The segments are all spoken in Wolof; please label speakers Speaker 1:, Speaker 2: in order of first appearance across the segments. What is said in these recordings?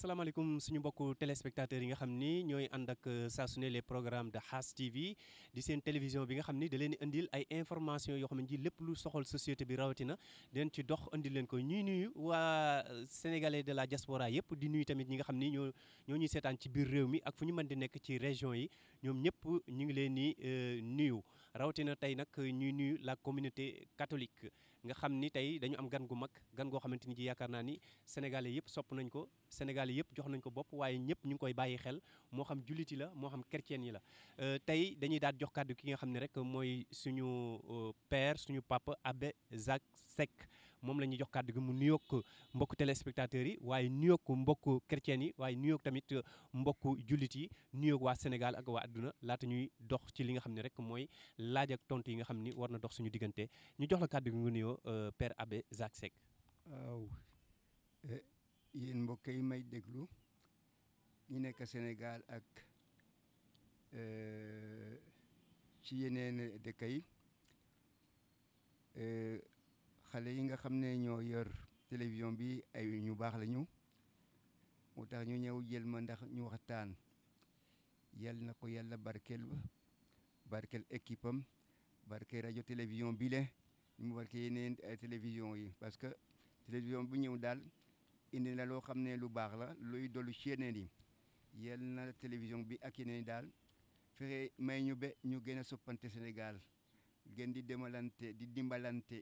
Speaker 1: asalaamaaleykum suñu mbokku téléspectateurs yi nga xam ni ñooy ànd ak euh, saa su ne les programmes de Khass TV di seen télévision bi nga xam ni da leen indil ay information yoo xam ne ji lépp lu soxal société bi rawatina den ci dox indil leen ko ñuy nuyu waa euh, sénégalais de la diaspora yëpp di nuyu tamit ñi nga xam ni ñoo ñoo ñuy seetaan ci biir réew mi ak fu ñu mën di nekk ci région yi ñoom ñëpp ñu ngi leen di euh, nuyu rawatina tey nag ñuy nuyu la communauté catholique nga xam ni tey dañu am gan gu mag gan goo xamante ni ji yaakaar naa ni sénégalais yëpp sopp nañ ko sénégalais yëpp jox nañ ko bopp waaye ñëpp ñu ngi koy bàyyi xel moo xam jullit la moo xam chrétien yi la euh, tey dañuy daal jox kàddu ki nga xam ne rek mooy suñu euh, père suñu papa abbé Jacques Seck moom la ñuy jox kàddu gi mu nuyoog mbokk téléspectateurs yi waaye nuyoog mbokk chrétiens yi waaye nuyoog tamit euh, mbokk jullit yi nuyoog waa Sénégal ak waa adduna laata ñuy dox ci li nga xam ne rek mooy laaj ak tontu yi nga xam ni war na dox suñu diggante ñu jox la kàddu gi nga nuyoo euh, Père Abbé Jacques Seck.
Speaker 2: waaw eh, yéen mbokk yi may déglu ñu nekk Sénégal ak euh, ci yeneen dëkk yi. xale yi nga xam ne ñoo yor télévision bi ay ñu baax la lañu moo tax ñu ñëw jël ma ndax ñu waxtaan yal na ko yàlla barkeel ba barkeel équipe am barkeel rajo télévision bi le ñu mu barkeel yeneen télévision yi parce que télévision bu ñëw daal indi na loo xam ne lu baax la luy dollu ci yi yal na télévision bi ak yeneen daal fexe may ñu be ñu gën a soppante Sénégal gën di demalante di dimbalante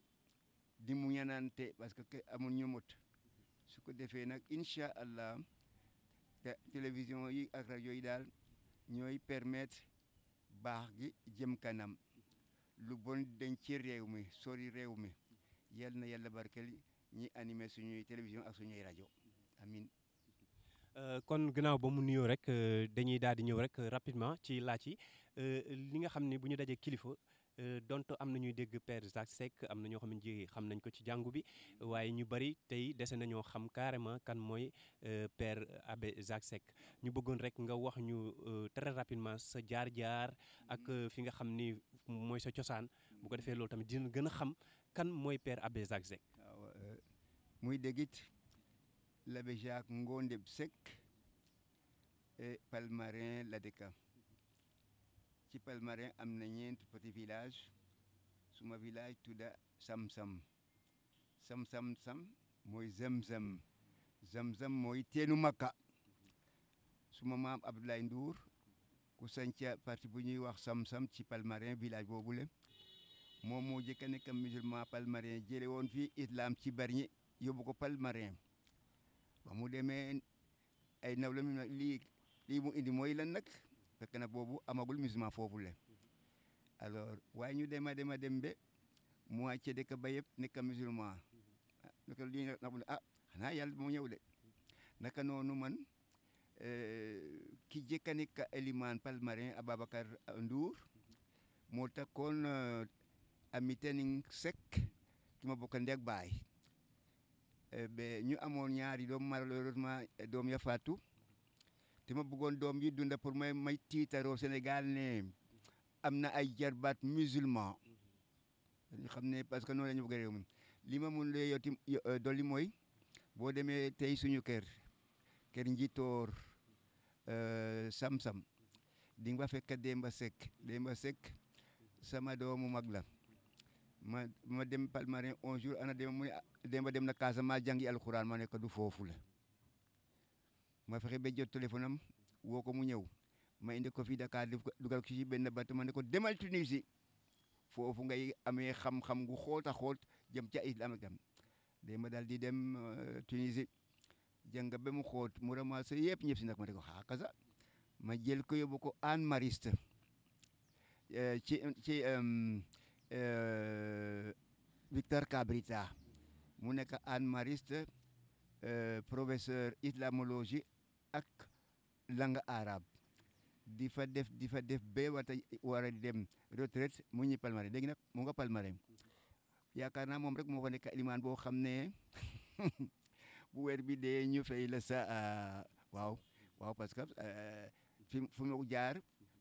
Speaker 2: di mu ñanante parce que amul ñu mot su ko defee nag incha allah te yi ak rajo daal ñooy permettre baax gi jëm kanam lu bon dañ ci réew mi sori réew mi yal na yàlla barkeel ñi animé suñuy télévision ak suñuy rajo amin
Speaker 1: euh, kon gannaaw ba mu nuyoo rek euh, dañuy daal di ñëw rek euh, rapidement ci laaj yi li nga xam ne bu ñu dajee kilifa Euh, dont am na ñuy dégg per Jacques am na ñoo xam ne ji xam nañ ko ci jàngu bi waaye ñu bëri tey dese nañoo xam carrément kan mooy euh, per Abbé Jacques ñu bëggoon rek nga wax ñu euh, très rapidement sa jaar-jaar ak mm-hmm. fi nga xam ni mooy sa cosaan bu ko defee loolu tamit dina gën a xam kan mooy per Abbé Jacques Seck. waaw muy dégit l'abbé Jacques sek
Speaker 2: Seck et palmarin Ladeka. ci Palmarin am na ñeent poti village suma village tudda Sam-Sam Sam-Sam-Sam mooy Zam-Zam Zam-Zam mooy teenu Makka suma maam Abdoulaye Ndour ku sanca parti bu ñuy wax Sam-Sam ci Palmarin village boobu le moom moo jëkk a nekk musulman Palmarin jële woon fii islam ci Bargny yóbbu ko Palmarin ba mu demee ay naw la lii lii mu indi mooy lan nag fekk na boobu amagul musulman foofu le alors waaye ñu dem a dem a dem ba moitié dëkk ba yëpp nekk musulman li ñu ne ah xanaa yàlla moo ñëw de naka noonu man euh, ki njëkk a nekk élimaan palmarin Ababacar Ndour moo takkoon euh, ami Tening Seck ki ma bokk ndeg baay euh, ba ñu amoon ñaari doom malheureusement doom ya faatu te ma bëggoon doom yi dunda pour ma may tiitaroo Sénégal ne am na ay jarbaat musulman dañu xam ne parce que noonu la ñu bëgg mu réew mi li ma mun lay yoti euh, dolli mooy boo demee tey suñu kër kër njiitoor euh, sam-sam di nga fekk Demba sek Demba sek sama doomu mag la ma ma dem Palmarin on jour ana Demba mu ne Demba dem na Casamance jàngi alxuraan ma ne ko du foofu la ma fexe ba jot téléphone am woo ko mu ñëw ma indi ko fii Dakar dugal ko ci benn batt ma ne ko demal Tunisie foofu ngay amee xam-xam gu xóot a xóot jëm ca islam ak tam ma daal di dem euh, Tunisie jàng ba mu xóot mu ramassé yëpp ñëpp si nag ma ne ko xaa ah, kasa ma jël ko yebu ko Anne Mariste euh, ci ci euh, Victor Cabrita mu nekk Anne Mariste professeur islamologie ak langue arabe di def di fa def ba war a a dem retraite mu ngi Palmarin léegi nag mu nga Palmarin yaakaar naa moom rek moo fa nekk limaan boo xam ne bu weer bi dee ñu fay la sa ah, waaw waaw parce que ah, fi fu ma ko jaar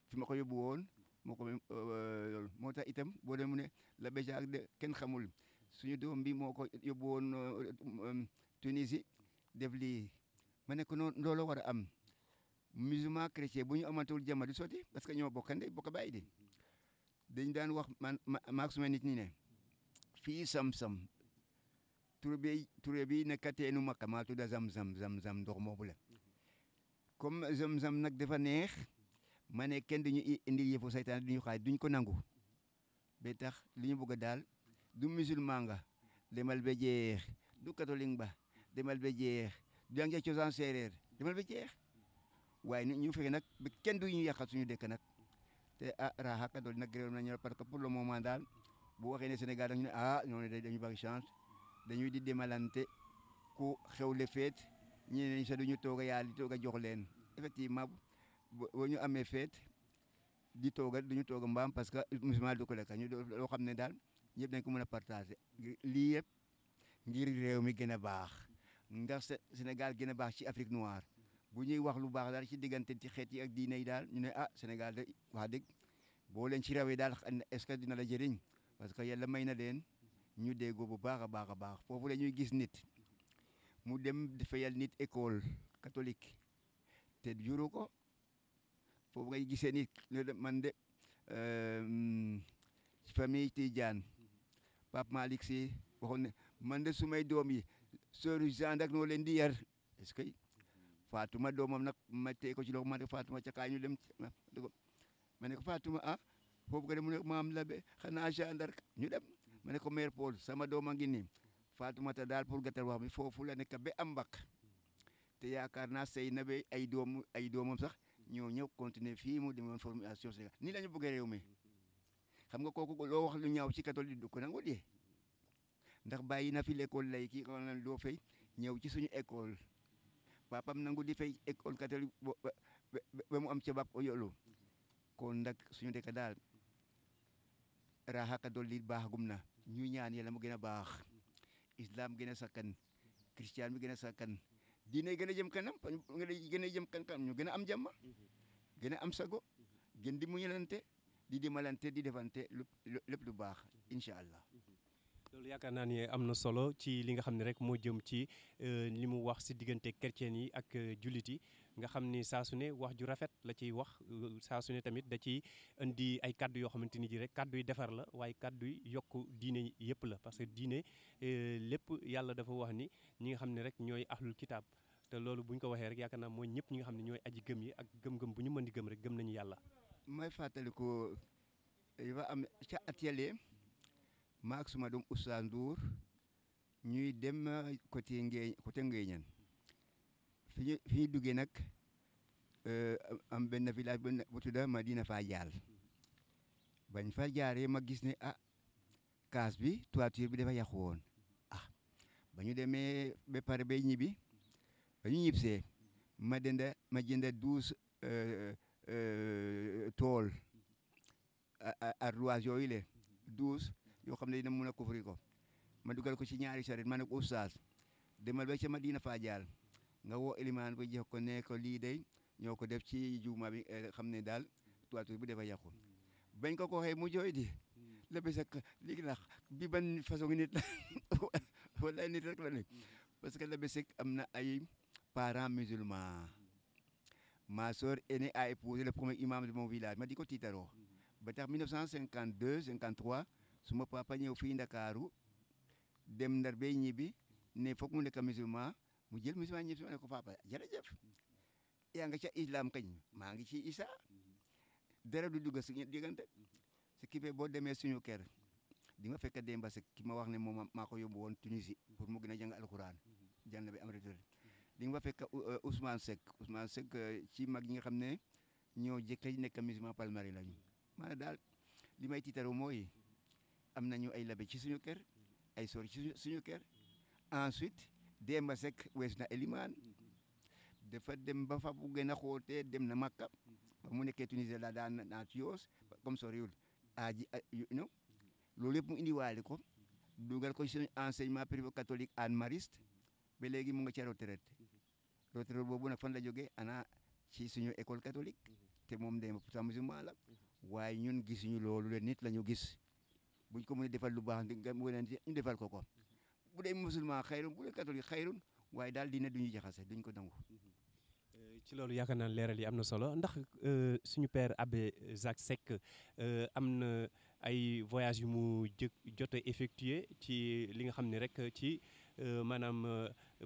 Speaker 2: fi ma ko woon moo euh, moo tax itam boo demee mu ne la béja ak de kenn xamul suñu doom bi moo ko woon euh, euh, Tunisie def lii ma ne ko noonu loolu war a am musulman chrétien bu ñu amatul jàmm du sotti parce que ñoo bokkande bokk bàyyi di dañ daan wax man maak suma nit ñi ne fii sam-sam tur bi tur bi nekkateenu Makka maa tudd zam-zam zam-zam ndox moomu la comme zam-zam nag dafa neex ma ne kenn duñu indi yëfu saytaan duñu xaaj duñ ko nangu ba tax li ñu bëgg a daal du musulman nga demal ba jeex du catholique ba demal ba jeex di jàngee cosaan séeréer demal ba jeex waaye ñu ñu fexe nag ba kenn du ñu yàqal suñu dëkk nag te ah raaxaka dool nag gërëm nañu parce que pour le moment daal bu waxee ne Sénégal dañu ne ah ñooñu dañu bëgg chance dañuy di demalante ku xewle feet ñeneen ñi sax duñu toog a yàlla di toog a jox leen effectivement boo ñu amee feet di tooga duñu toog a mbaam parce que musulman du ko lekk ñu loo xam ne daal ñëpp dañ ko mën a partager lii yëpp ngir réew mi gën a baax. ndax senegal gën a baax ci Afrique noire bu ñuy wax lu baax daal ci diggante ci xeet yi ak diine daal ñu ne ah Sénégal de wax dëgg boo leen ci rawee daal est-ce que dina la jëriñ parce que yàlla may na leen ñu déggoo bu baax a baax a baax foofu la ñuy gis nit mu dem fayal nit école katolik te juru ko foofu ngay gisee nit man de euh, famille Tidiane Pape Malick Sy waxoon man de sumay doom yi sooru Jean nag noo leen di yar est-ce que Fatuma doomam nag ma tey ko ci loxo ma ne Fatuma ca kaay ñu dem ma ne ko Fatuma ah foofu nga mu ne maam Labe xanaa Jean d'Arc ñu dem ma ne ko mère Paul sama doom a ngi nii Fatuma ta daal pour gàttal wax mi foofu la nekk ba am mbak te yaakaar naa sey na be ay doom ay doomam sax ñoo ñëw continuer fii mu demoon formation Sénégal ni la ñu bëggee réew mi xam nga kooku loo wax lu ñaaw ci catholique du ko nangu dee ndax bàyyi na fi l'école lay kii on doo fay ñëw ci suñu école papam nangu di fay école catholique ba mu am ca bap o yolo kon nag suñu dëkk daal raaxa ka dolli baaxagum na ñu ñaan yàlla mu gën a baax islam gën a sakkan christian bi gën a sakkan diine gën a jëm kanam gën a jëm kanam ñu gën a am jàmm gën a am sago gën di muñalante di malante di defante lépp lu baax incha allah
Speaker 1: loolu yaakaar naa ni am na solo ci li nga xam ne rek moo jëm ci euh, li mu wax si diggante chrétien yi ak euh, jullit yi nga xam ni saa su wax ju rafet la ciy wax euh, saa tamit da ciy indi ay kaddu yoo xamante ni ji rek kaddu yi defar la waaye kaddu yi yokk diine yëpp la parce que diine lépp yàlla dafa wax ni ñi nga xam ne rek ñooy ahlul kitaab te loolu bu ñu ko waxee rek yaakaar naa mooy ñëpp ñi nga xam ne ñooy aji gëm yi ak gëm-gëm bu ñu mën di gëm rek gëm nañu yàlla.
Speaker 2: maak suma ɗum usta ndour ñuy dem côté ngee côté ngeeñan fi ñu fi ñu duggee nag euh, am benn village bu tudda Madina Fadial bañ fa jaaree ma gis ne ah kaas bi toiture bi dafa yàqu woon ah ba ñu demee ba pare ba ñibbi ba ñu ñibsee ma denda ma jënda douze euh, euh, tool ardoise yooyu le douze yoo xam ne dina mun a couvrir ko ma dugal ko ci ñaari saret ma ne ko oustaz demal ba ca Madina Fadial nga woo élimaan ba jox ko ne ko lii day ñoo ko def ci juuma bi eh, xam ne daal toiture bi dafa yàqu bañ ko ko waxee mu jooy di la bés ak léegi bi ban façon nit la wala nit rek la nekk parce que la bés ak am na ay parents musulmans ma soeur aînée a épousé le premier imam de mon village ma di ko tiitaroo ba tax 1952 53 suma papa ñëw fii ndakaaru dem ndar bay ñibi ne foog mu nekk musulman mu jël musulman ñibbi ma ne ko papa jërëjëf yaa nga ca islam kañ maa ngi ci isa dere du dugg suñu diggante su ki boo demee suñu kër di nga fekk Demba Seck ki ma wax ne moom maa ko yóbbu woon Tunisie pour mu gën a jàng alquran jàng bi am retour di nga fekk euh, euh, Ousmane Seck euh, ci mag ñi nga xam ne ñoo jëkk nekk musulman palmarin lañu maanaam daal li may tiitaru mooy am nañu ay labe ci suñu kër ay sori ci suñu kër ensuite Demba sek wees na Elimaan dafa dem ba fa bu gën a xootee dem na Makka ba mu nekkee Tunisie la daan naa ci yoos comme soriwul aji no loolu yëpp mu indiwaale ko dugal ko ci enseignement privé catholique an mariste ba léegi mu nga ca retraite retraite boobu na fan la jógee ana ci suñu école catholique te moom Demba pourtant musulman la waaye ñun gisuñu loolu le nit la ñu gis buñ ko mënee defal lu baax nga wane ci ñu defal ko ko bu dee musulman xayrun bu dee catholique xayrun waaye daal diine du ñu jaxase duñ ko nangu.
Speaker 1: Euh, ci loolu yaakaar naa leeral yi am na solo ndax euh, suñu père abbé Jacques Seck euh, am na ay voyage yu mu jë jot a ci li nga xam ni rek ci maanaam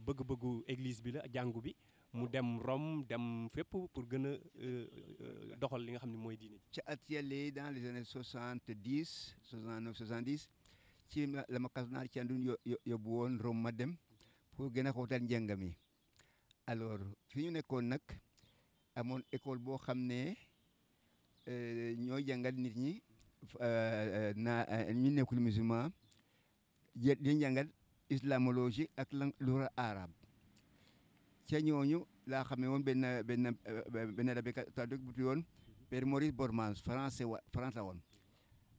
Speaker 1: bëgg-bëggu église bi la jàngu bi. mu dem Rome dem fépp pour gën a euh, euh, doxal li nga xam ne mooy diine ci at yële dans
Speaker 2: les années soixante dix soixante neuf ci lama ma kas naar ci andun yóbbu woon Rome ma dem pour gën a xóotal njàng mi alors fi ñu nekkoon nag amoon école boo xam ne euh, ñoo jàngal nit ñi na ñu nekkul musulman di jàngal islamologi ak langue arabe ca ñooñu laa xamee woon benn benn euh, benn rabi catholique bu woon Père Maurice Bormans français wa France la woon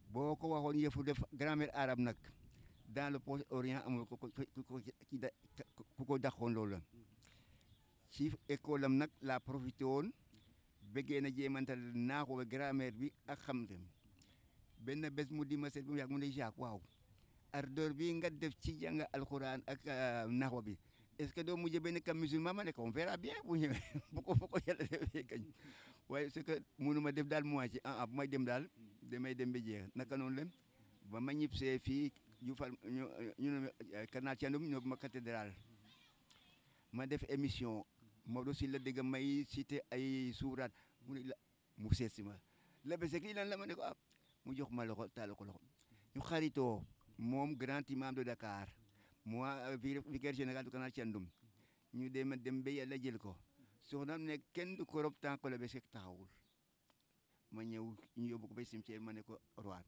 Speaker 2: boo ko waxoon yëfu def grammaire arabe nag dans le proche orient amul ku ko ku ko dàqoon loolu la ci am nag laa profité woon bëggee na jéemantal naa ko grammaire bi ak xam te benn bés mu di ma seet bu mu ne Jacques waaw ardeur bi nga def ci jàng alxuraan ak euh, naxwa bi est-ce que doo mujj benn kam musulman ma ne ko on verra bien bu ñëwee bu ko bu ko kañ waaye ce que mënuma def daal moitié ah ah bu may dem daal damay dem ba jeex naka noonu la ba ma ñib see fii ñu fal ñu eh, ma cathédrale ma def émission Maodo si la dégg may cité ay suurat mu ne si ma la bese kii lan la ma ne ko ah mu jox ma loxo taal ko loxo ñu xaritoo moom grand imam de Dakar. moi euh, vicaire général du canal Thiandoum ñu dem dem ba yàlla jël ko soxnaam ne kenn du ko rob tant que taxawul ma ñëw ñu yóbbu ko ba cimetière ma ne ko roi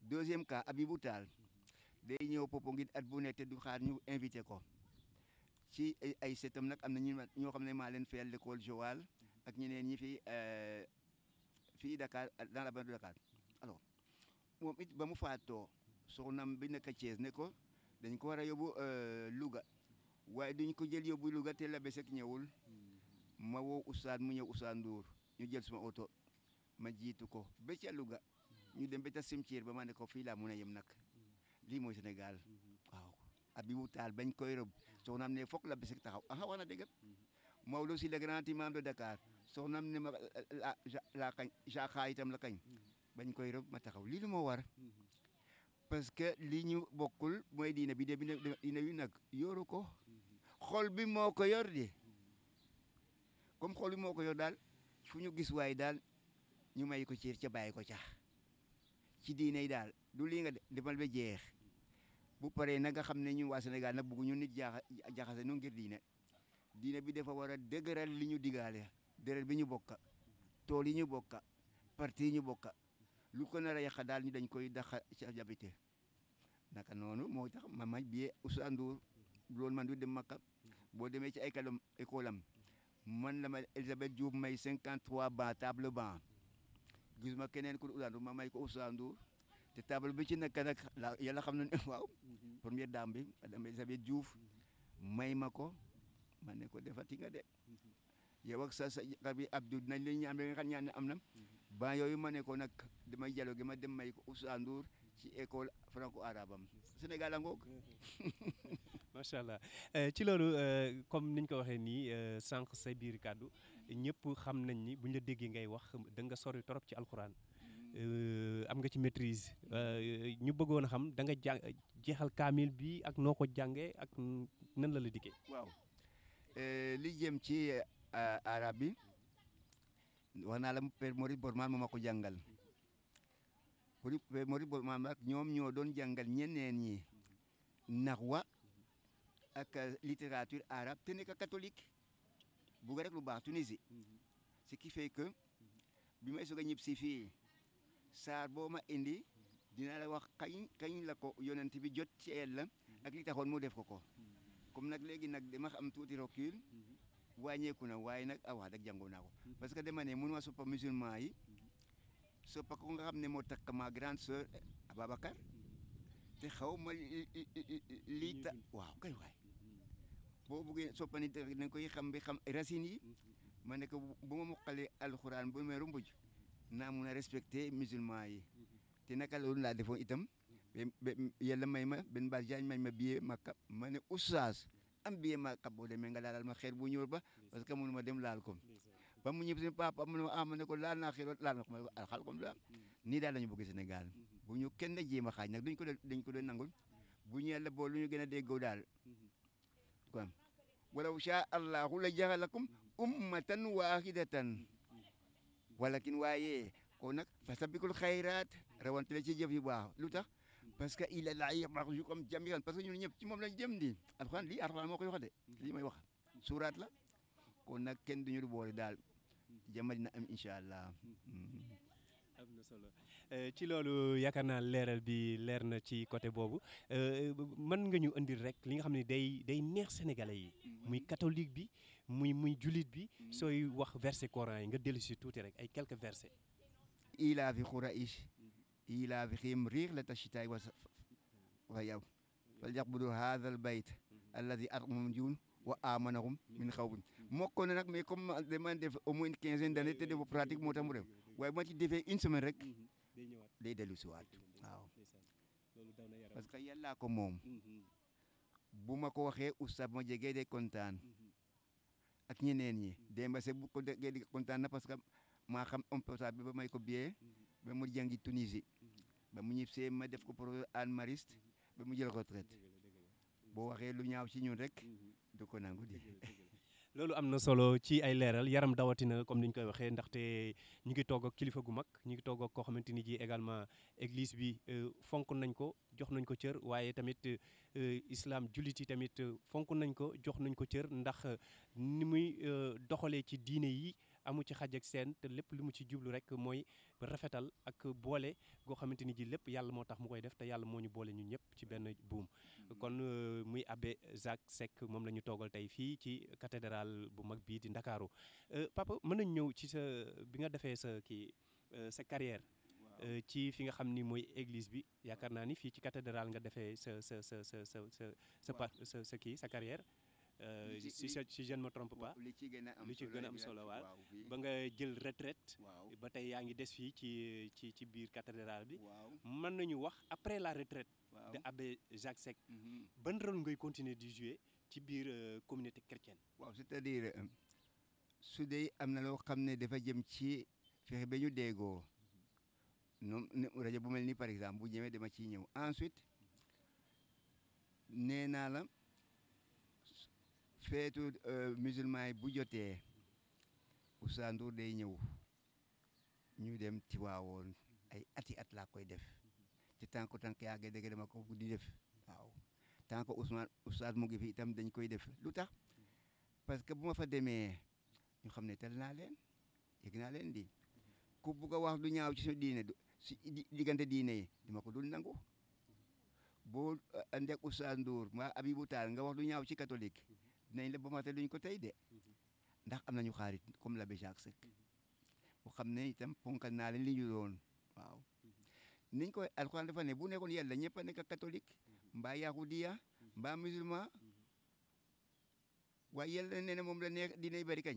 Speaker 2: deuxième cas Abibou Tall day ñëw Popenguine at bu ne te du xaar ñu invité ko si ay setam nag am na ñu ñoo xam ne maa leen fayal l'école Joal ak ñeneen ñi fii euh, fii Dakar dans la banlieue de Dakar alors moom it ba mu faatoo soxnaam bi nekk Thiès ne ko. dañ ko war a yóbbu euh, Louga waaye duñ ko jël yóbbu Louga te la besek ñëwul hmm. ma woo Oustaz mu ñëw Oustaz Ndour ñu jël suma oto ma jiitu ko ba ca Louga hmm. ñu dem ba ca cimetière ba ma ne ko fii laa mun a yem nag hmm. lii mooy senegal waaw Habibou Tall bañ koy rob soxnaam ne foog la besek taxaw aha wax na dëgg Maodo si le grand imam de Dakar soxnaam ne ma la la kañ jaaxaay itam la kañ bañ koy ma taxaw lii lu moo war parce que li ñu bokkul mooy diina bi de diina yu nag yoru ko xol bi moo ko yor de comme xol bi moo ko yor daal fu ñu gis waay daal ñu may ko ciir ca bàyyi ko cax ci diina yi daal du lii nga demal ba jeex bu paree nag nga xam ne ñu waa Sénégal nag ñu ni jaxase nu ngir diina diina bi dafa war a dëgëral li ñu digaale deret bi ñu bokka tool yi ñu bokka parti ñu bokka lu ko nar a yàq daal ñu dañ koy daxa ci jabite naka noonu moo tax ma may biyee Ousseynou Ndour loolu man du dem Makka boo demee ci ay kalam école am man la ma Elisabeth Diouf may 53 ba table ban gisuma keneen ku ma may ko Ousseynou Ndour te table bi ci nekk nag la yàlla xam na ne waaw mhm. première dame mhm. may ma ko ma ne ko defati nga de mhm. yow ak sa sa bi Abdou dinañ leen ñaan nga xam am na ban yooyu ma nekkoon nag damay gi ma dem may ko Oussa Ndour ci école franco arabe am Sénégal a ngoog.
Speaker 1: allah eh, ci loolu eh, comme niñ ko waxee nii eh, sànq sa biir kàddu ñëpp xam nañ ni buñ la déggee ngay wax da nga sori trop ci alxuraan. am nga ci maîtrise ñu bëggoon a xam da nga jàng jeexal kaamil bi ak noo ko jàngee ak nan la la dikkee.
Speaker 2: waaw jëm ci arabe bi. wax naa la Père Maurice Borman moo ma ko jàngal Père Maurice Borman nag ñoom ñoo doon jàngal ñeneen ñi naxwa ak littérature arabe te nekk catholique bugg rek lu baax Tunisie ce qui fait que bi may so a ñib si fii saar boo ma indi dina la wax kañ kañ la ko yonent bi jot ci el la ak li taxoon mu def ko ko comme nag léegi nag dama xam tuuti recul wàññeeku na waaye nag awaa ah, wax dëgg naa ko mhm. parce que dama ne mënuma soppa musulman yi mhm. soppa ko nga xam ne moo takk ma grande sœur eh, Ababacar mhm. te xaw ma lii ta waaw kay waay boo buggee soppa nit da koy xam bi xam racines yi ma ne ko bu ma moqalee alxuraan bu ma rumbuj naa mun a respecté musulman yi te naka loolu laa defoon itam yàlla may ma benn baal jaañ may ma biyee makka ma ne oustaz am billet ma xab boo demee nga laalal ma xeer bu ñuul ba parce que mënu ma dem laal ko ba mu ñëpp si papa mu ne ma ah ma ne ko laal naa xeer laal na ko ma ne ko alhamdulilah mm-hmm. nii daal lañu bëgg Sénégal mm-hmm. bu ñu kenn jéem a xaaj nag duñ ko dañ ko doon nangul mm-hmm. bu ñu yàlla boo lu ñu gën a déggoo allahu la jaxalakum ummatan wahidatan walakin waaye ko nag fa sabikul xayraat rawante la ci jëf yu baax parce que il la yaqum jami'an parce que ñun ñëpp ci moom lañ jëm di alxuraan lii alxuraan moo koy wax de lii may wax suuraat la kon nag kenn duñu du boole daal jàmmali na am incha allah.
Speaker 1: am na solo eh, ci loolu yaakaar naa leeral bi leer na ci côté boobu eh, mën nga ñu indil rek li nga xam ne day day neex sénégalais yi. muy catholique bi muy muy jullit bi. Mm-hmm. sooy wax verset coran yi nga dellusi tuuti rek ay quelques versets. ilaa fi Quraysh
Speaker 2: إلى بخيم ريغ لتشتاي ويو فليقبلوا هذا البيت الذي أرموا من جون وآمنهم من خوف moo ko ne nag mais comme dama def au moins une quinzaine d'années def dafa pratique moo tax mu dem waaye bu ma ci defee une semaine rek day dellu si waat
Speaker 3: waaw parce que yàllaa ko moom
Speaker 2: bu ma ko waxee oustaz ma jegee day kontaan ak ñeneen ñi Demba Seck bu ko déggee di kontaan na parce que maa xam homme bi ba may ko biyee ba mu jàngi Tunisie ba mu ñib see ma def ko professeur Anne Mariste ba mu jël retraite boo waxee lu ñaaw ci ñun rek du ko nangu di
Speaker 1: loolu am na solo ci ay leeral yaram dawatina comme ni ñu koy waxee ndaxte ñu ngi toog ak kilifa gu mag ñu ngi toog ak koo xamante ni ji également église bi euh, fonk nañ ko jox nañ ko cër waaye tamit euh, islam jullit yi tamit euh, fonk nañ ko jox nañ ko cër ndax ni muy doxalee ci diine yi amu ci xaj seen te lépp li mu ci jublu rek mooy rafetal ak boole goo xamante ni ji lépp yàlla moo tax mu koy def te yàlla moo ñu boole ñu ñëpp ci benn buum. Mm-hmm. kon euh, muy abe Jacques Seck moom la ñu toogal tey fii ci cathédrale bu mag bii di Ndakaaru euh, papa mën nañ ñëw ci sa bi nga defee sa kii euh, sa carrière. ci fi nga xam ni mooy église bi yaakaar naa ni fii ci cathédrale nga defee sa sa sa sa sa sa sa kii sa carrière. Euh, si si li ci gën a am solo waaw ba nga jël retraite ba tey yaa ngi des fii ci ci ci biir cathédrale bi mën nañu wax après la retraite de abbé Jacques Seck mm-hmm. ban rôle ngay continuer di jouer ci biir euh, communauté chrétienne waaw cest à euh, su
Speaker 2: dee am na loo xam ne dafa jëm ci fexe ba ñu déggoo noom rajo bu mel ni par exemple bu ñëwee dama ciy ñëw ensuite nee naa la feetu e, musulman yi bu jotee Oussa Ndour day ñëw ñu dem Tiwaawoon ay ati at laa koy def te tant que tant que yaa ngi dégg dama ko di def waaw tant que Ousmane Oustaz mu ngi fi itam dañ koy def lu tax parce que bu ma fa demee ñu xam ne tel naa leen yëg naa leen di ku bugg a ñaaw ci su diine si diggante diine yi dama ko dul nangu boo e, ànd ak Oustaz Ndour mbaa Abibou Tall nga wax du ñaaw ci katolik dinañ la bomate luñ ko tey de mm-hmm. ndax am nañu xaarit comme l'abbé Jacques Seck bu mm-hmm. xam ne itam ponkal naa leen li ñu doon waaw mm-hmm. niñ koy alxuraan dafa ne bu nekkoon yàlla ñëpp a nekk catholique mbaa yahudiya mbaa musulman waaye yàlla nee na moom la nekk dinay bari kañ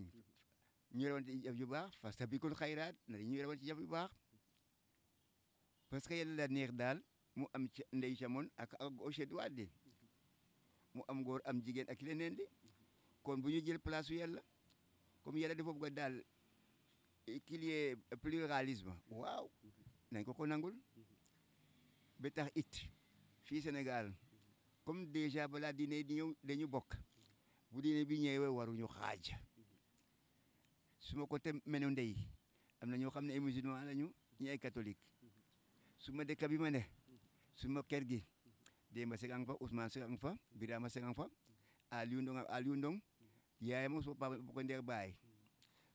Speaker 2: ñu rewoon ci jëf yu baax parce que bi kon xayraat na ñu rewoon ci jëf yu baax parce que yàlla la neex daal mu am ndey camoon ak ak gauche droite mu am góor am jigéen ak leneen di kon bu ñu jël place su yàlla comme yàlla dafa bëgg daal qu'il y ait waaw nañ ko ko nangul ba tax it fii Sénégal comme déjà balaa diine di ñëw dañu bokk bu diine bi ñëwee waruñu xaaj su ma côté menu ndey am na ñoo xam ne ay musulman lañu ñi ay su ma dëkk bi ma ne su ma kër gi Demba Seck a fa Ousmane Seck fa Birama Seck a fa Aliou Ndong Aliou Ndong yaayam ak sama papa bu ko ndeer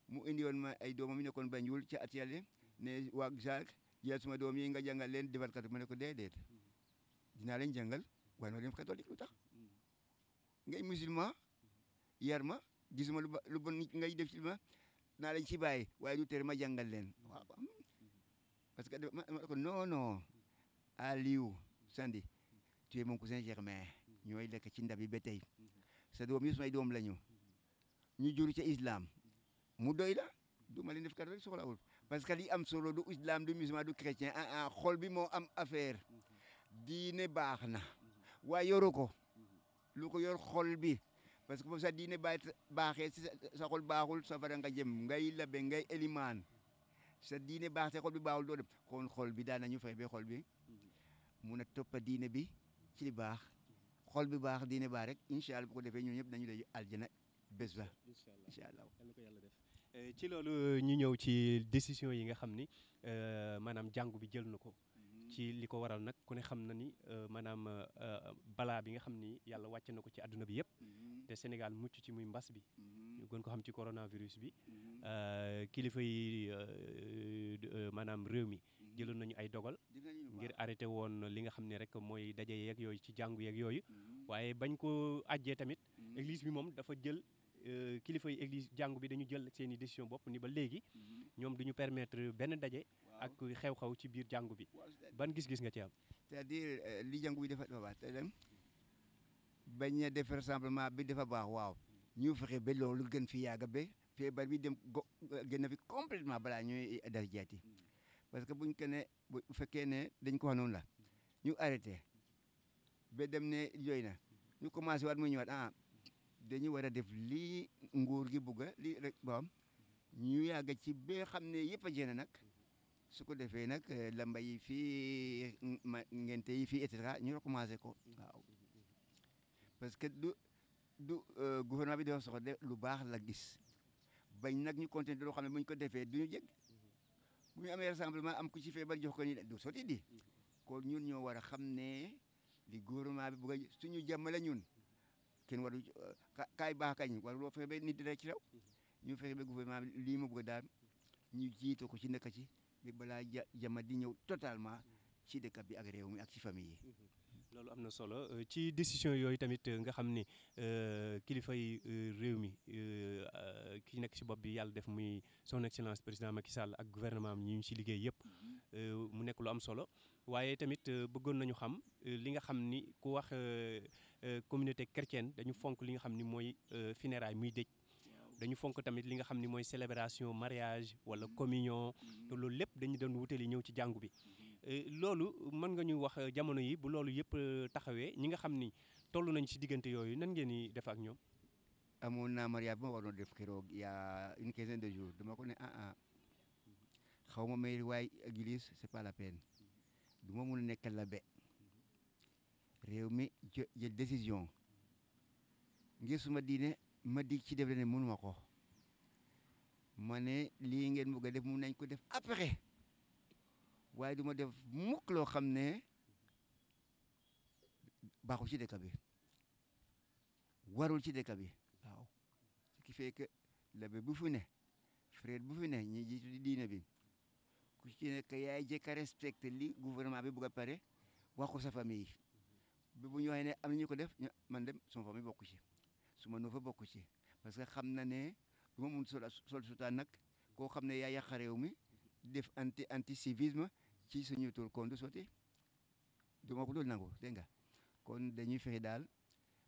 Speaker 2: mu indi woon ma ay doomam yu nekkoon Banjul ci at ne waa Jacques jël suma doom yi nga jàngal leen di defarkat ma ne ko déedéet dinaa leen jàngal waaye noo dem catholique lu yar ma gisuma lu ba lu bon ngay def ci ma naa leen ci bàyyi waaye du tere ma jàngal leen waaw parce que ma ne ko non non Aliou Sandi tu es mon cousin ñooy lekk ci ndab yi ba tey sa doom yi sumay doom lañu ñu jur ca islam mu doy la du ma leen def rek soxlawul parce que li am solo du islam du musulman du chrétien ah ah bi moo am affaire diine baax na waa yoru ko lu ko yor xol bi parce que boobu sax diine ba baaxee si sa xol baaxul safara nga jëm ngay labe ngay élimaan sa diine baax sa xol bi baaxul doo dem kon xol bi daan nañu fexe ba xol bi mun a toppa diine bi ci li baax xol bi baax diine baax rek incha allah bu ko defee ñun ñëpp dañu lay aljana bés la incha allah
Speaker 1: ko yàlla def eh, ci loolu ñu ñëw ci décision yi nga xam ni eh, maanaam jàngu bi jël na ko mhm. ci li ko waral nag ku ne xam na ni eh, maanaam balaa bi nga xam ni yàlla wàcc na ko ci àdduna bi yëpp mhm. te Sénégal mucc ci muy mbas bi mhm. ñu ko xam ci coronavirus bi kilifa yi maanaam réew mi jëloon nañu ay dogal ngir arrêté woon li nga xam ni rek mooy daje yeeg yooyu ci jàngu yeeg yooyu waaye bañ ko àjjee tamit église bi moom dafa jël Euh, kilifa yi église jàngu bi dañu jël seen i décision bopp ni ba léegi mhm. ñoom dañu ñu permettre benn daje ak xew-xew ci biir jàngu bi ban gis-gis nga ci am
Speaker 2: c'est-à-dire euh, li jàngu bi dafa baax dem bañ a def rassemblement bi dafa baax waaw ñu fexe ba loolu gën fi yàgg ba feebar bi dem go euh, génn fi complètement balaa ñuy def jaati hmm. parce que buñ ko ne bu fekkee ne dañ ko wax noonu la ñu arrêté ba dem ne jooy na ñu commencé waat mu ñëwaat ah dañu war a def lii nguur gi bugg a lii rek baam ñu yàgg ci ba xam ne yëpp a jënd nag su ko defee nag eh, lamba yi fii ngente yi fii et cetera ñu recommencé ko waaw que du du euh, gouvernement bi dafa soxla de lu baax la gis bañ nag ñu de loo xam ne bu ñu ko defee du ñu jég bu ñu amee rassemblement am ku ci feebar jox ko ni du sotti di kon ñun ñoo war a xam ne li gouvernement bi bugg a suñu jàmmale ñun. kenn waru kaay baax kañ waruloo fexe ba nit dina ci raw mm-hmm. ñu fexe ba gouvernement lii ma bëgg a daal ñu jiitu ko ci nekk ci balaa ja jama di ñëw totalement mm-hmm. ci dëkk bi ak réew mi ak ci famille mm-hmm.
Speaker 1: loolu am na solo euh, ci décision yooyu tamit euh, nga xam ne euh, kilifa yi réew mi ki nekk si bopp bi yàlla def muy son excellence président Macky Sall ak gouvernement am ñu si liggéey yëpp. mu nekk lu am solo waaye tamit bëggoon nañu xam li nga xam ni ku wax. Euh, communauté chrétienne dañu fonk li nga xam ni mooy euh, funérailles muy dëj dañu fonk tamit li nga xam ni mooy célébration mariage wala communion mm-hmm. te loolu lépp dañu doon wutali ñëw ci jàngu bi mm-hmm. euh, loolu mën nga ñu wax jamono yi bu loolu yëpp taxawee ñi nga xam ni toll nañ ci diggante yooyu nan ngeen di def ak ñoom.
Speaker 2: amoon naa mariage bu ma waroon def keroog il y a une quinzaine de jours dama ko ne ah ah xaw ma may waaye église c'est pas la peine du mun a nekk labe réew mi jël décision ngir suma diine ma di ci def ne munuma ko ma ne lii ngeen bëgg a def mun nañ ko def après waaye duma def mukk loo xam ne baaxul ci dëkk bi warul ci dëkk bi waaw ce qui fait que labe bu fi ne frère bu fi ne ñi jiitu di diine bi ku ci nekk yaay jëkk a respecté li gouvernement bi bëgg a pare wax sa famille bi bu ñu waxee ne am na ñu ko def man dem suma famille bokku ci suma nu fa bokku ci parce que xam na ne du ma mun sol sol sutaan nag koo xam ne yaay yàq réew mi def anti anti civisme ci suñu tur kon du sotti du ma ko dul nangu dégg nga kon dañuy fexe daal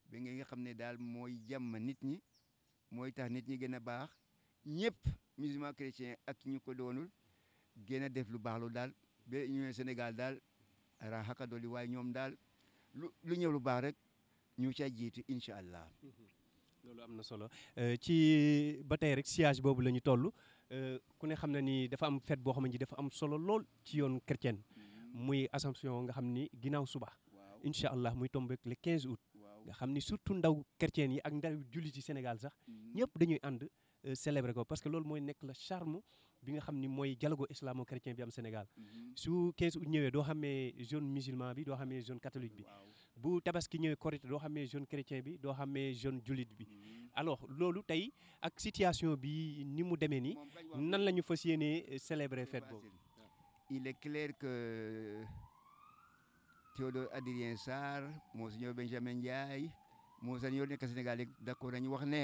Speaker 2: bi nga xam ne daal mooy jàmm nit ñi mooy tax nit ñi gën a baax ñëpp musulman chrétien ak ñu ko doonul gën a def lu baax lu daal ba ñu Sénégal daal raxaka dolli waaye ñoom daal. lu lu ñëw lu baax rek ñu ca jiitu
Speaker 1: incha allah. loolu am na solo euh, ci ba tey rek siège boobu la ñu toll euh, ku ne xam na ni dafa am fête boo xam ne dafa am solo lool ci yoon chrétien mm-hmm. muy Assomption nga xam ni ginnaaw suba. incha allah muy tombé le 15 août. nga xam ni surtout ndaw chrétien yi ak ndaw jullit ci Sénégal sax. Mm-hmm. ñëpp dañuy ànd euh, célébrer ko parce que loolu mooy nekk la charme. bi nga xam ni mooy dialogue islamo-chrétien bi am Sénégal mhm. su 15 ñëwee doo xam xamee jeune musulman bi doo xamee jeune catholique bi bu tabaski ñëwee korite doo xamee jeune chrétien bi doo xam xamee jeune julit bi mhm. alors loolu tey ak situation bi ni mu demee nii nan la ñu fas yéenee euh, célébrer fête
Speaker 2: boobu il est clair que euh, Théodore Adrien Sarr Monseigneur Benjamin Ndiaye Monseigneur nekk Sénégal d'accord nañu wax ne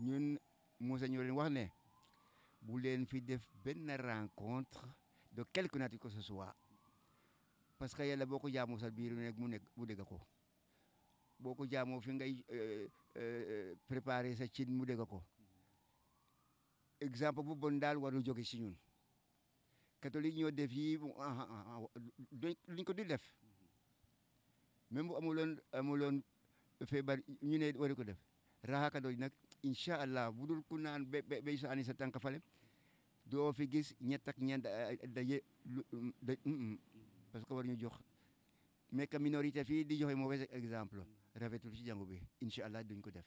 Speaker 2: ñun Monseigneur leen wax ne bu leen fi def benn rencontre de quelque nature que ce soit parce que yàlla boo ko jaamoo sa biir nekk mu nekk mu dega ko boo ko jaamoo fi ngay euh, euh, préparer sa cin mu dégg ko exemple bu bon daal waru joge si ñun catholique ñoo def yi ah, ah, ah, duñ ko di def même bu amuloon amuloon feebar ñu ne waru ko def raxakadoo nag incha allah bu dul ku naan ba ba sa ani sa tànk fale doo fi gis ñett ak ñeent daje lu mm, que war ñu jox mais que minorité fii di joxe mauvais exemple rafetul ci jàngu bi incha allah duñ ko def.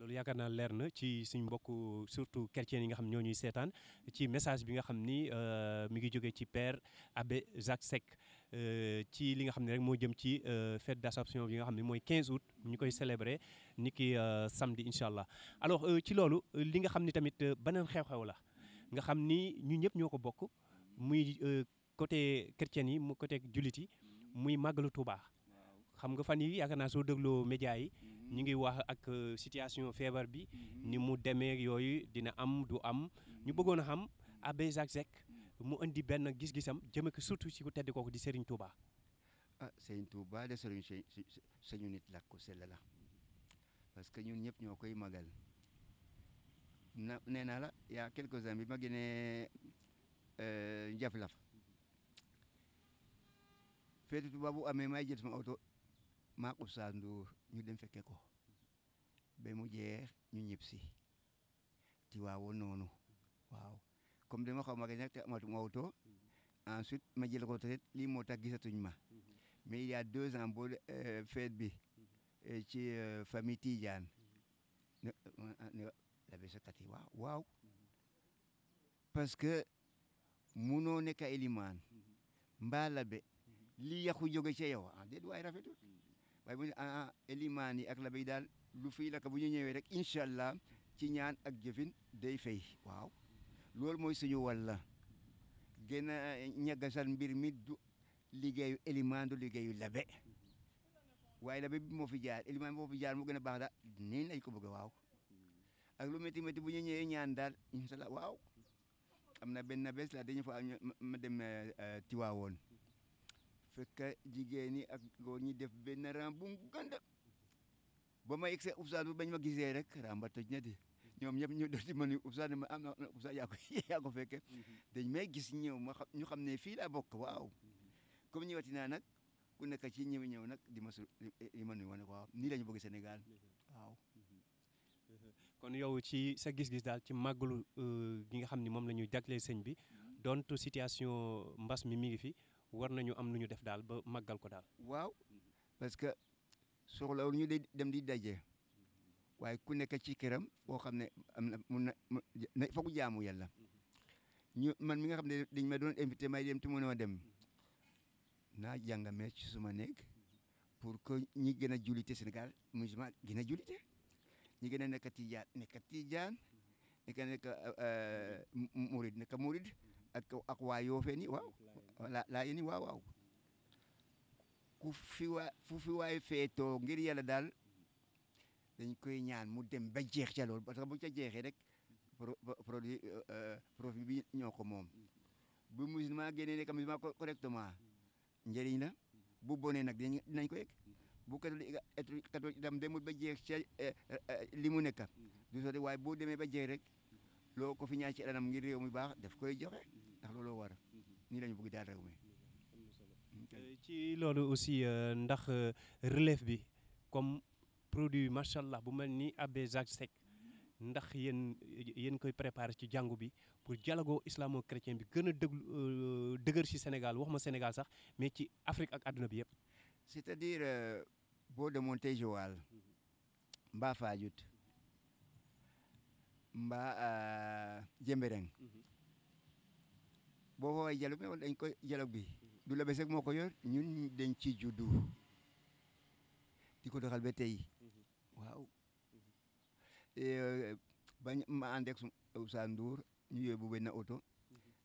Speaker 1: loolu yaakaar naa leer na ci suñ mbokk surtout chrétiens yi nga xam ñoo ñuy seetaan ci message bi nga xam ni euh, mi ngi jógee ci per abbé Jacques Seck euh, ci li nga xam ne rek moo jëm ci euh, fête d'Assomption bi nga xam ne mooy 15 août ñu koy célébrer ni ki samedi incha allah alors ci loolu li nga xam ni tamit beneen xew-xew la nga xam ni ñu ñëpp ñoo ko bokk muy côté chrétien yi mu côté jullit yi muy màggalu Touba xam nga fan yi yaakaar naa soo dégloo média yi ñu ngi wax ak euh, situation feebar bi mm-hmm. ni mu demee yooyu dina am du am mm-hmm. ñu bëggoon a xam abbé Jacques Seck mu indi benn gis-gisam jëme ko surtout si ku tedd kooku di Serigne Touba.
Speaker 2: ah Serigne Touba nit la ko la parce que ñun ñëpp ñoo koy magal na nee naa la y a quelques bi ma génnee euh, Njaflaf feetu Touba bu amee may jël sama oto. maa Oustaz Ndour ñu dem fekke ko ba mu jeex ñu ñib si ci waawoon noonu waaw comme dama xaw ma rek nag te amatuma oto ensuite ma jël retraite lii moo tax gisatuñ ma mais il y deux ans boo euh, fête bi euh, ci euh, famille Tidiane ne ne la bésakati waaw waaw parce que munoo nekk a élimaan mbaa labe lii yàqu jóge ci yow ah déedéet waaye rafetul waaye bu ñu ah ak labé daal lu fiy lakk bu ñu ñëwee rek incha allah ci ñaan ak jëfin day fay waaw loolu mooy suñu walla gën a ñaggasal mbir mi du liggéeyu elimaan du liggéeyu labé waaye labé bi moo fi jaar elimaan moo fi jaar mu gën baax daal nii lañ ko bëgg waaw ak lu métti métti bu ñu ñëwee ñaan daal incha allah waaw am na benn bés la dañu fa ma dem eh, eh, Tiwaawoon fekk jigéen ñi ak góor ñi def benn ram bu ba ma yegg se Oustaz bu bañ gisee rek ram ba ñoom ñëpp ñu def ci ma ni Oustaz mhm. dañ may gis ñëw ma ñu xam ne fii laa bokk waaw mhm. comme ñëwati naa nag ku nekk ci ñëw ñëw nag di ma su di ma nuyu woon waaw
Speaker 1: nii la ñu bëgg Sénégal
Speaker 2: mhm.
Speaker 3: waaw.
Speaker 1: kon yow ci sa gis-gis daal ci màggalu euh, gi nga xam ni moom la ñuy jagleel sëñ bi donte situation mbas mi mi ngi fi war nañu am lu ñu def daal ba màggal ko daal.
Speaker 2: waaw parce que soxlawul ñu di dem di daje waaye ku nekk ci këram boo xam ne am na mun na na jaamu yàlla ñu man mi nga xam ne dañ ma doon invité may dem te mënoo dem naa jàngamee ci suma nekk pour que ñi gën a julite Sénégal musulman gën a julite ñi gën a nekk tijaan nekk tijaan nekk nekk euh, murid nekk murid ak ak waa Yoofeen waaw laa yéen waaw waaw ku fi feetoo ngir yàlla daal dañ koy ñaan mu dem ba jeex ca loolu parce que bu ca jeexee rek produit euh, euh, profit bi ñoo ko moom bu musulman génnee nekk musulman correctement njëriñ na bu bonee nag dinañ ko yëg bu catholique catholique itam demul ba jeex ca euh, li mu nekk du sori waaye boo demee ba jeex rek loo ko fi ñaan ci anam ngir réew mi baax daf koy joxe ndax looloo war nii lañu bëgg daal réew
Speaker 1: mi ci loolu aussi euh, ndax euh, relève bi comme produit macha allah bu mel ni Abbé Jacques Seck ndax yéen yéen koy préparé ci jàngu bi pour jalago islamo-chrétien bi gën a dëglu euh, dëgër ci Sénégal wax ma Sénégal sax mais ci Afrique ak àdduna bi yëpp.
Speaker 2: c'est-à-dire boo demoon tey Joal mbaa Fadiouth mbaa Diembéring mhm. boo woowee dialogue bi wala dañ koy dialogue bi du la bés ko yor ñun dañ ci juddu di ko doxal ba tey waaw eh, bañ ma ànd ak Ousmane Ndour ñu yóbbu benn oto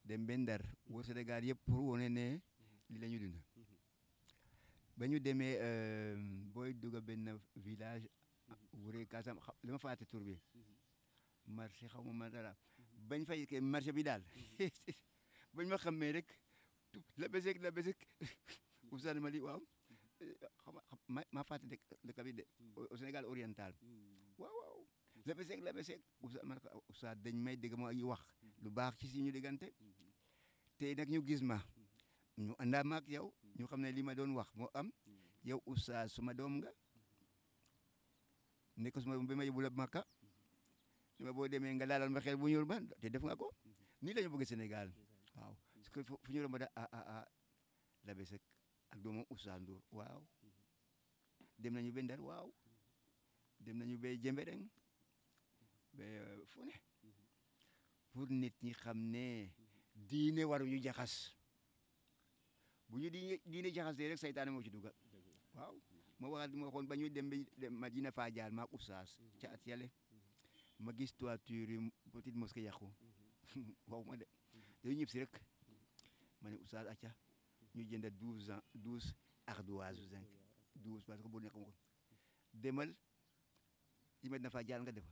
Speaker 2: dem ba Ndar wër Sénégal yëpp pour wane ne li la ñu dund ba ñu demee eh, booy dugg benn village wuree Kasam li ma fàtte tur bi xaw ma dara bañ fay marché bi daal bañ ma xamee rek la la besek Ousmane Mali waaw ma maa fàtte dëkk oriental hmm. waaw waaw la besek la besek Ousmane ma ne ko Ousmane dañ may dégg ma wax lu baax ci si suñu diggante hmm. tey nag ñu gis ma hmm. ñu àndaa maak yow ñu xam ne li ma doon wax moo am yow usa suma doom nga nekk suma bi ma yóbbu la Makka li ma boo demee nga laalal ma xel bu ñuul ba te def nga ko nii la ñu bëgg Sénégal que fu ñu romb da ah ah ah Labe Seck ak doomam Oussa Ndour waaw dem nañu ba Ndar waaw dem nañu ba Jembereng ba euh, fu ne pour nit ñi xam ne diine waruñu jaxas bu ñu diine diine jaxas rek moo ci dugga waaw ma waxaat ma waxoon ba ñu dem ba Madina Fadial maak Oustaz ca at yale ma gis toiture yi petite mosquée yàqu waxuma de dañu ñëpp ma ne oustaz ñu jënd douze ans douze ardoise zinc douze parce que boo nekk ma ko demal yi ma dina faa jaar nga def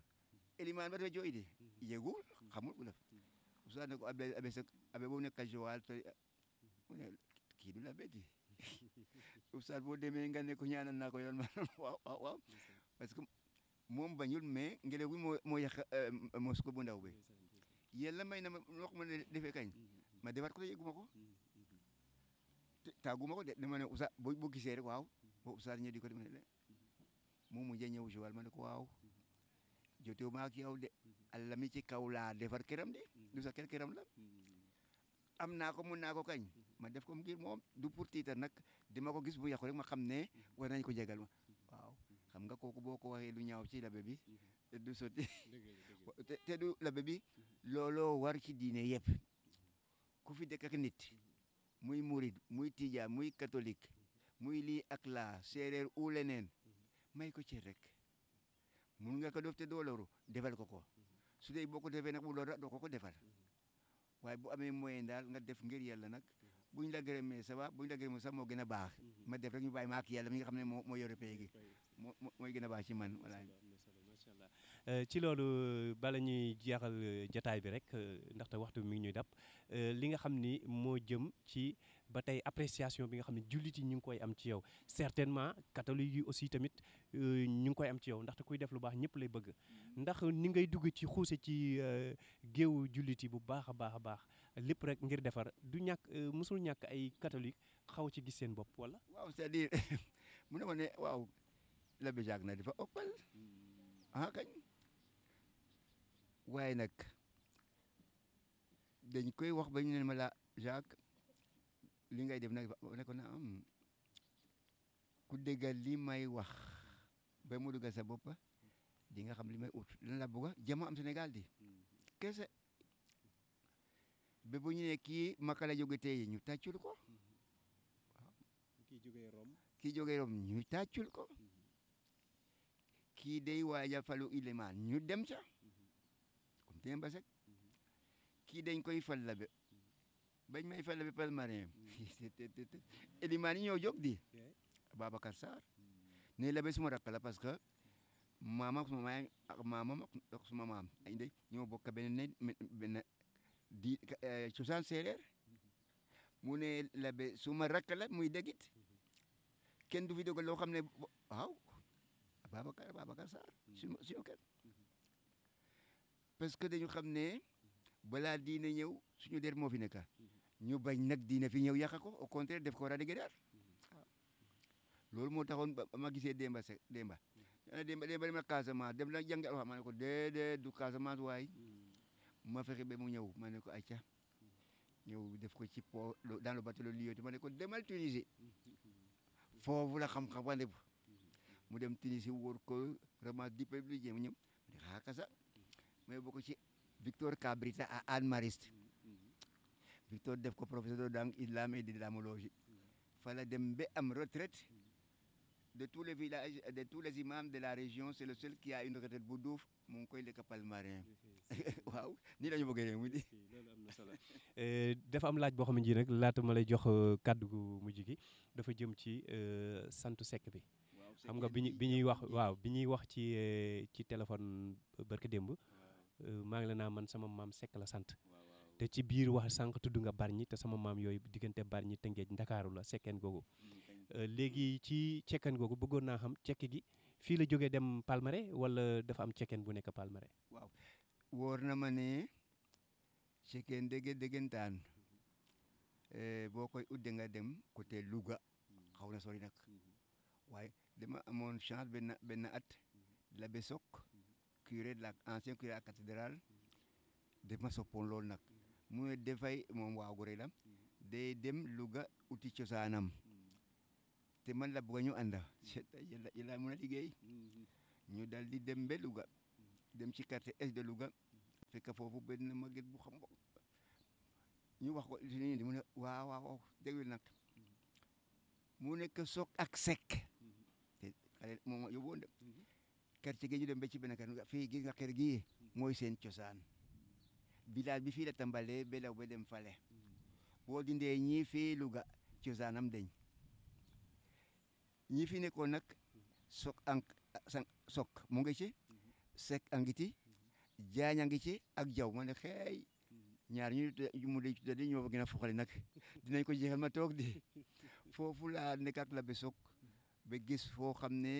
Speaker 2: élimaan ba dafa jooy de yegul xamul ku def oustaz ne ko abe abe sa abe boo nekk Joal kii du la beddi oustaz boo demee nga ne ko ñaanal naa ko yoon ma waaw waaw waaw parce que moom bañul mais ngelaw wi moo moo yàq euh, mos ko bu ndaw bi may na ma wax ma ne defee kañ ma defar ko te yëguma ko te taaguma ko de ma ne usa boo boo gisee rek waaw boo usaat ñëw di ko dama ne la mu mujj a ñëw wal ma ne ko waaw jotewu ma ak yow de allah mi ci kaw laa defar këram de du sa kër këram la am naa ko mun naa ko kañ ma def ko mu ngir moom du pour tiitar nag ma ko gis bu yàqu rek ma xam ne war nañ ko jégal ma waaw xam nga kooku boo ko waxee lu ñaaw ci labe bi du sotti te du labe bi looloo war ci diine yëpp ku fi dëkk ak nit muy murid muy tijaan muy katolik muy lii ak laa séeréer u leneen may ko ci rek mun nga ko def te doo loru defal ko ko su dee boo ko defee nag bu loru doo ko ko defal waaye bu amee moyen daal nga def ngir yàlla nag buñ la gërëmee ça va buñ la gërëmee sax moo gën a baax ma def rek ñu bàyyi ma ak yàlla mi xam ne moo moo yore pay gi moo mooy gën a baax ci man walaay
Speaker 1: Euh, ci loolu euh, bala ñuy jeexal euh, jataay bi rek ndaxte waxtu mi ngi ñuy dab li nga xam ni moo jëm ci ba tey appréciation bi nga xam ne jullit yi ñu ngi koy am ci yow certainement catholique yi aussi tamit ñu ngi koy am ci yow ndaxte kuy def lu baax ñëpp lay bëgg mm-hmm. ndax ni ngay dugg ci xuuse ci géewu jullit yi bu baax a baax a baax lépp rek ngir defar du ñàkk mosul ñàkk ay katolik xaw ci gis seen bopp wala. waaw
Speaker 2: c'est-à-dire mu ne ne waaw l'abbé Jacques na dafa ëppal mm. ah kañ. waaye nag dañ koy wax ba ñu ne ma la Jacques li ngay def nag ne ko na hmm, ku déggal li may wax ba mu duggal sa bopp di nga xam li may ut lan la bëgg senegal jama am Sénégal di kese ba ñu ne kii makala la jóge ñu tàccul ko waaw. kii jógee Rome ñu tàccul ko kii day waaja falu ilimaan ñu dem ca. démb rek kii dañ koy fallabe bañ may fallabe palmarin mm-hmm. élimaan yi ñoo jóg di Babacar Sarr mm-hmm. ne labe suma rakk la parce que maam ak suma maay ak maamam ak suma di eh, cosaan séeréer mm-hmm. mu ne labe suma rakk la muy dëggit kenn du fi dogal loo xam ne waaw Babacar Babacar Sarr suñu suñu kenn parce que dañu xam ne balaa diine ñëw suñu der moo fi nekk ñu bañ nag diine fi ñëw yàq ko au def ko war a dëgëral loolu moo taxoon ba ma gisee Demba Demba. ma Demba Demba dem na Casamance dem na jàngi alxam ma ne ko déedéet du Casamance waaye hmm. ma fexe ba mu ñëw ma ne ko acca ñëw def ko ci po dans le bateau ko demal Tunisie foofu la xam-xam wàllu hmm. mu ñëw mu ne xaar ah, kasa mais ko ci Victor Cabrita à Anne Mariste mm-hmm. Victor def ko professeur d'islam et d'islamologie fa la dem ba am retraite mm-hmm. de tous les villages de tous les imams de la région c'est le seul qui a une retraite bu duuf mu ngi koy lekk Palmarin waaw nii la ñu bëggee rek mu di. solo
Speaker 1: eh, dafa am laaj boo xam ne ji nag laata ma lay jox euh, kàddu gu mujj gi dafa jëm ci euh, santu sekk bi. xam nga bi ñuy wax waaw bi ñuy wax ci euh, ci téléphone barke démb. Euh, maa ngi la naa man sama maam Seck la sant te ci biir wax sànq tudd nga bar ñi te sama maam yooyu diggante Bargny Tëngéej Ndakaaru la sekkeen googu mm, euh, léegi ci cekkeen googu bëggoon naa xam cekk gi fii la jógee dem Palmarin wala dafa am cekkeen bu nekk Palmarin
Speaker 2: waaw wóor na ma ne cekkeen dégg déggantaan mm-hmm. eh, boo koy udde nga dem côté Louga mm-hmm. xaw na sori nag mm-hmm. waaye dama amoon chance benn benn at la besok curé de la ancien curé de la cathédrale dafa ma loolu nag mu ne dafay moom waa Gurel la day dem Louga uti cosaanam te man la bëgg ñu ànda mm-hmm. yàlla mën a liggéey mm-hmm. ñu dal di dem ba Louga mm-hmm. dem ci quartier est de Louga fekk foofu benn maget bu xam ñu wax ko suñu di mu mu nekk soog ak sec te xale moom yóbbuwoon quartier gi ñu dem ba ci benn kër fii gis nga kër gi mooy seen cosaan village bi fii la tàmbalee dem fale boo dindee ñii fii Louga cosaanam deñ ñi fi nekkoon nag sok an sok mu ngi ci sek a ngi ci ngi ci ak jaw ma ne xëy ñaar ñu de tudda di ñoo fa gën ko jeexal ma toog di foofu laa nekk ak la be gis foo xam ne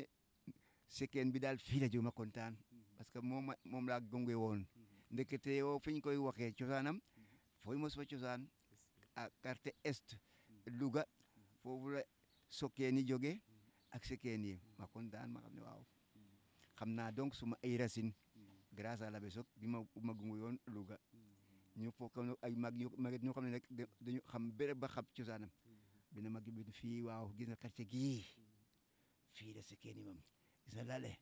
Speaker 2: sekkeen bi daal fii la jóg ma mm-hmm. parce que moom moom laa gunge woon mm-hmm. ndekete yoo fi ñu koy waxee cosaanam mm-hmm. fooy mos fa cosaan a carte est Louga foofu la sokkeen yi jógee ak sekkeen yi ma kontaan ma xam ne waaw xam naa donc suma ay racine grâce à l'abbé Sok bi ma ma gunge woon Louga ñu fokk ay mag yu maget ñoo xam ne nag dañu xam béréb ba xam cosaanam bi na mag bi fii waaw gis na quartier gii fii la sekkeen gis na laale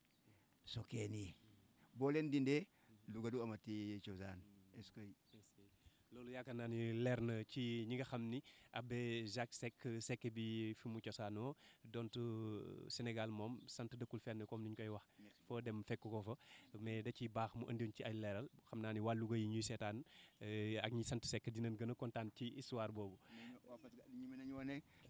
Speaker 2: nii boo leen dindee Louga du amati cosaan est-ce que
Speaker 1: loolu yaakaar naa ni leer na ci ñi nga xam ni abbé Jacques Seck Seck bi fi mu cosaanoo dont euh, Sénégal moom sant dëkkul fenn comme ni ñu koy wax foo dem fekk ko fa mais da ciy baax mu indiwoon ci ay leeral xam naa ni waa Louga yi ñuy seetaan euh, ak ñi sant sekk dinañ gën a kontaan ci histoire boobu.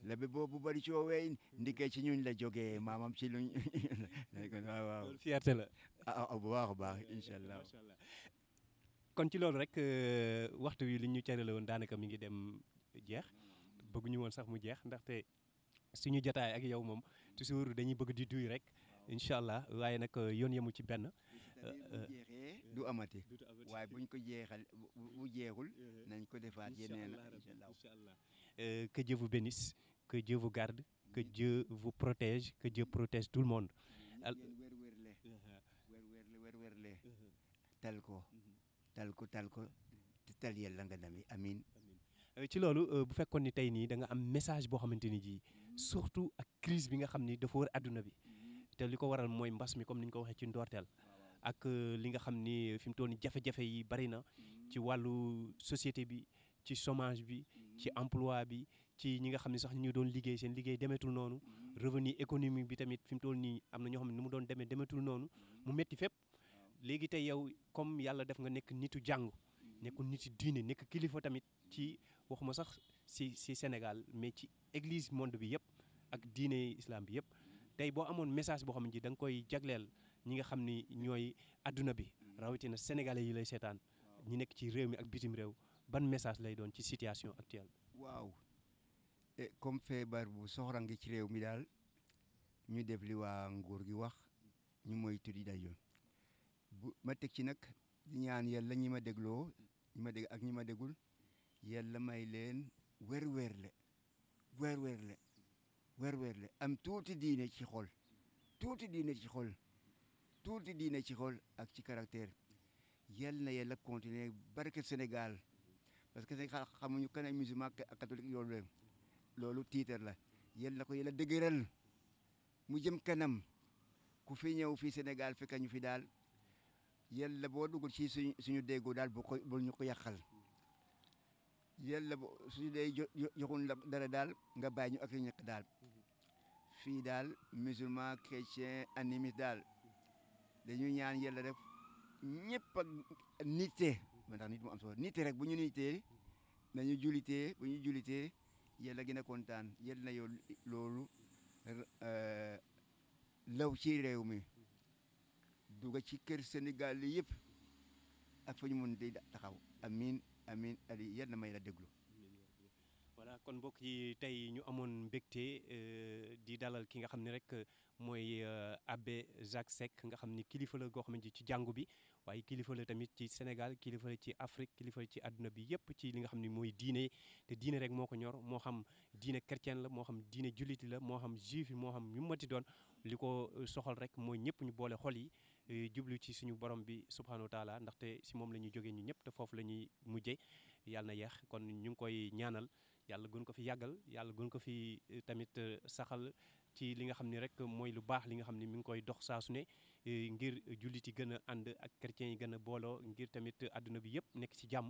Speaker 1: lebe boobu bari ci in ndike ci ñuñ la jógee maamam ci lu ñu waaw loolu fierté la ah, ah, bu baax a baax incha allah kon ci loolu rek euh, waxtu wi li ñu cërale woon daanaka mu ngi dem jeex bëgguñu woon sax mu jeex ndaxte suñu jotaay ak yow moom toujours dañuy bëgg di duy rek incha allah waaye nag euh, yoon yemu ci benn. Euh, du amati
Speaker 2: waaye buñ ko jeexal bu jeexul nañ ko defaat yeneen incha allah
Speaker 1: que Dieu vous que Dieu vous garde que Dieu vous protège que Dieu protège tout le monde uh-huh.
Speaker 2: uh-huh.
Speaker 1: tal ko uh-huh. tal ko tal ko tal yàlla nga dami amin uh, ci loolu uh, bu fekkoon ni tey nii da nga am message boo xamante ni ji mm-hmm. surtout ak crise bi nga xam ni dafa wër àdduna bi mm-hmm. te li ko waral mooy mbas mi comme ni ñu ko waxee ci ndoorteel ak uh, li nga xam ni fi mu ni nii jafe-jafe yi bari na mm-hmm. ci wàllu société bi ci chômage bi ci emploi bi ci ñi nga xam ne sax ñu doon liggéey seen liggéey demetul noonu mm-hmm. revenu économique bi tamit fi mu toll nii am na ñoo xam ne nu mu doon demee demetul noonu mm-hmm. mu métti fépp léegi tey yow comme yàlla def nga nekk nitu jàng mm-hmm. nekkul nitu diine nekk kilifa tamit ci waxuma sax si si Sénégal mais ci église monde bi yëpp ak diine islam bi yëpp tey boo amoon message boo xam ne da nga koy jagleel ñi nga xam ni ñooy adduna bi rawatina sénégalais yi lay seetaan ñi nekk ci réew mi ak bitim réew ban message lay doon ci situation actuelle.
Speaker 2: Eh, comme feebar bu soxra ngi ci réew mi daal ñu def waa nguur gi wax ñu moytu di dajo bu ma teg ci nag di ñaan yàlla ñi ma dégloo ñi ma dégg ak ñi ma dégul yàlla may leen wér-wér le wér-wér le wér-wér le am tuuti diine ci xol tuuti diine ci xol tuuti diine ci xol ak ci caractère yàlla na yàlla continuer barke senegal parce que xamuñu kan ay musulman ak catholique yoolu leen loolu tiitar la yal na ko yàlla dëgëral mu jëm kanam ku fi ñëw fii Sénégal fekk ñu fi daal yàlla boo dugul ci suñu suñu déggoo daal bu ko ñu ko yàqal yàlla bo suñu dee joxun la dara daal nga bàyyi ñu ak ñu ñàkk daal fii daal musulman chrétien animiste daal dañuy ñaan yàlla rek ñëpp ak nite man tax nit mu am nite rek bu ñu nitee nañu julitee bu ñu julitee yàlla gën a kontaan yal na yow loolu eh, law ci réew mi duga ci kër Sénégal li yëpp ak fa ñu mën di taxaw amin amin ali yal may la déglu
Speaker 1: voilà kon mbokk yi tey ñu amoon mbégte eh, di dalal ki nga xam ni rek eh, mooy abbé Jacques Seck nga xam ni kilifa la goo xamante ci jàngu bi waaye kilifa la tamit ci Sénégal kilifa la ci Afrique kilifa la ci àdduna bi yëpp ci li nga xam ne mooy diine te diine rek moo ko ñor moo xam diine chrétien la moo xam diine julliti la moo xam juif yi moo xam ñu mati doon li ko euh, soxal rek mooy ñëpp ñu boole xol yi euh, jublu ci suñu borom bi subhanahu wa taala ndaxte si moom la ñuy jógee ñu ñëpp te foofu la ñuy mujje yàlla na yeex kon ñu ngi koy ñaanal yàlla gën ko fi yàggal yàlla gën ko fi euh, tamit saxal ci li nga xam ni rek mooy lu baax li nga xam ni mu ngi koy dox saa su ne eh, ngir jullit yi gën a ànd ak chrétien yi gën a booloo ngir tamit àdduna bi yëpp nekk ci jàmm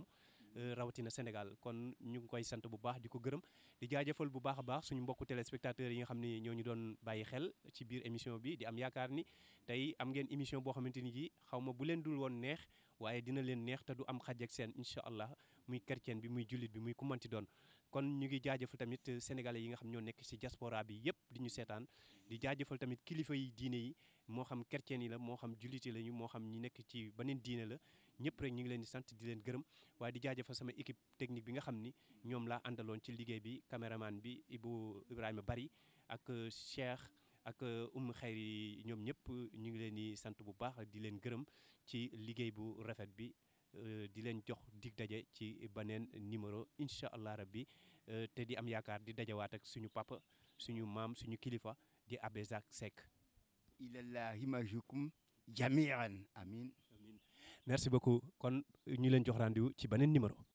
Speaker 1: eh, rawatina Sénégal kon ñu ngi koy sant bu baax di ko gërëm di jaajëfal bu baax a baax suñu mbokku téléspectateurs yi nga xam ni ñoo ñu doon bàyyi xel ci biir émission bi di am yaakaar ni tey am ngeen émission boo xamante ni ji xaw ma bu leen dul woon neex waaye dina leen neex te du am xaj seen incha allah muy chrétien bi muy jullit bi muy ku manti doon kon ñu ngi jaajëfal tamit euh, sénégale yi nga xam ñoo nekk ci diaspora bi yëpp di ñu seetaan di jaajëfal tamit kilifa yi diine yi moo xam chrétien yi la moo xam julliti lañu moo xam ñu nekk ci beneen diine la ñëpp rek ñu ngi leen di sant di leen gërëm waaye di jaajëfal sama équipe technique bi nga xam ni ñoom laa àndaloon ci liggéey bi caméraman bi Ibou Ibrahima Bari ak euh, Cheikh ak euh, umm xayr yi ñoom ñëpp ñu ngi leen di sant bu baax ak di leen gërëm ci liggéey bu rafet bi Euh, di leen jox dig daje ci beneen numéro incha allah rabbi euh, te di am yaakaar di dajawaat ak suñu papa suñu maam suñu kilifa di Abbé Jacques Seck ilallahi majukum jamian amin amin merci beaucoup kon ñu leen jox rendez ci beneen numéro